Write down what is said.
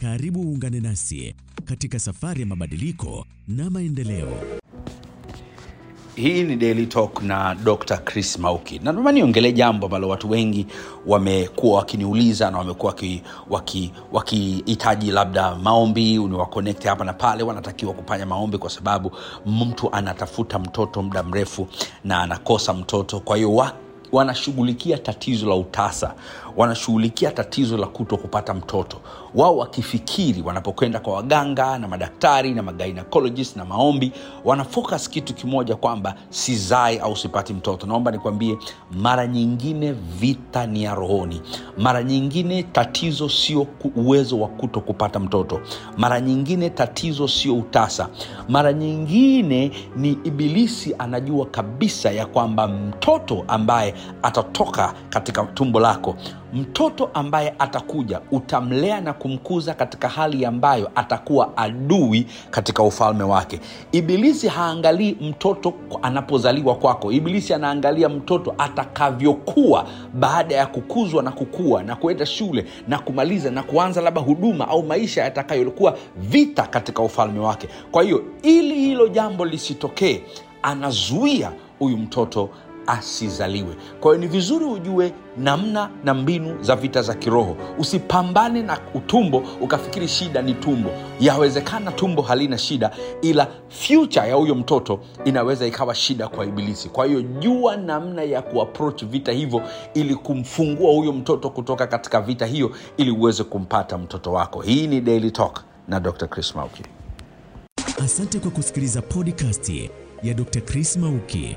Karibu uungane nasi katika safari ya mabadiliko na maendeleo. Hii ni Daily Talk na Dr. Chris Mauki. Naomba niongelee jambo ambalo watu wengi wamekuwa wakiniuliza na wamekuwa wakihitaji waki, waki labda maombi, uniwakonekte hapa na pale. Wanatakiwa kufanya maombi kwa sababu mtu anatafuta mtoto muda mrefu na anakosa mtoto, kwa hiyo wanashughulikia tatizo la utasa wanashughulikia tatizo la kuto kupata mtoto wao wakifikiri wanapokwenda kwa waganga na madaktari na magainacologist na maombi wanafocus kitu kimoja kwamba sizai au sipati mtoto naomba nikwambie mara nyingine vita ni ya rohoni mara nyingine tatizo sio uwezo wa kuto kupata mtoto mara nyingine tatizo sio utasa mara nyingine ni ibilisi anajua kabisa ya kwamba mtoto ambaye atatoka katika tumbo lako. Mtoto ambaye atakuja utamlea na kumkuza katika hali ambayo atakuwa adui katika ufalme wake. Ibilisi haangalii mtoto anapozaliwa kwako, Ibilisi anaangalia mtoto atakavyokuwa baada ya kukuzwa na kukua na kuenda shule na kumaliza na kuanza labda huduma au maisha yatakayokuwa vita katika ufalme wake. Kwa hiyo ili hilo jambo lisitokee, anazuia huyu mtoto asizaliwe. Kwa hiyo ni vizuri ujue namna na mbinu za vita za kiroho. Usipambane na utumbo ukafikiri shida ni tumbo. Yawezekana tumbo halina shida, ila future ya huyo mtoto inaweza ikawa shida kwa Ibilisi. Kwa hiyo jua namna ya kuaproach vita hivyo, ili kumfungua huyo mtoto kutoka katika vita hiyo, ili uweze kumpata mtoto wako. Hii ni Daily Talk na Dr. Chris Mauki. Asante kwa kusikiliza podcast ya Dr. Chris Mauki.